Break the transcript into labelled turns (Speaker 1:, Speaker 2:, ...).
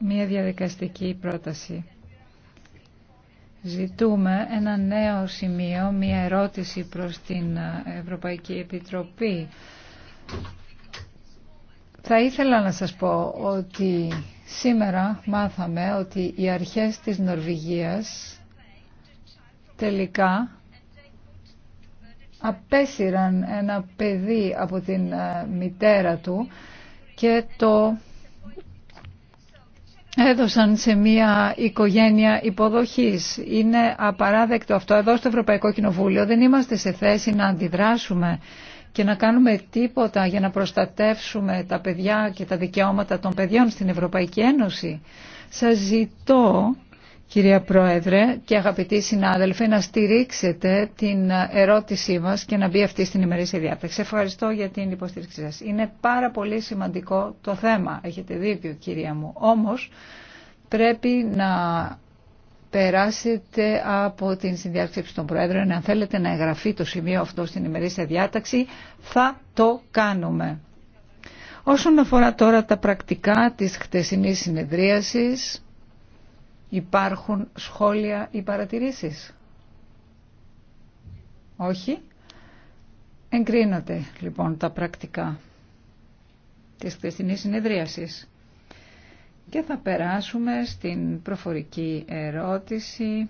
Speaker 1: Μια διαδικαστική πρόταση. Ζητούμε ένα νέο σημείο, μια ερώτηση προς την ε, Ευρωπαϊκή Επιτροπή θα ήθελα να σας πω ότι σήμερα μάθαμε ότι οι αρχές της Νορβηγίας τελικά απέσυραν ένα παιδί από την ε, μητέρα του και το έδωσαν σε μια οικογένεια υποδοχής. Είναι απαράδεκτο αυτό. Εδώ στο Ευρωπαϊκό Κοινοβούλιο δεν είμαστε σε θέση να αντιδράσουμε και να κάνουμε τίποτα για να προστατεύσουμε τα παιδιά και τα δικαιώματα των παιδιών στην Ευρωπαϊκή Ένωση. Σας ζητώ, κυρία Πρόεδρε και αγαπητοί συνάδελφοι, να στηρίξετε την ερώτησή μας και να μπει αυτή στην ημερήσια διάταξη. Ευχαριστώ για την υποστήριξή σας. Είναι πάρα πολύ σημαντικό το θέμα. Έχετε δίκιο, κυρία μου. Όμως, πρέπει να περάσετε από την συνδιάσκεψη των Προέδρων. Αν θέλετε να εγγραφεί το σημείο αυτό στην ημερήσια διάταξη, θα το κάνουμε. Όσον αφορά τώρα τα πρακτικά της χτεσινής συνεδρίασης, υπάρχουν σχόλια ή παρατηρήσεις. Όχι. Εγκρίνονται λοιπόν τα πρακτικά της χτεσινής συνεδρίασης. Και θα περάσουμε στην προφορική ερώτηση.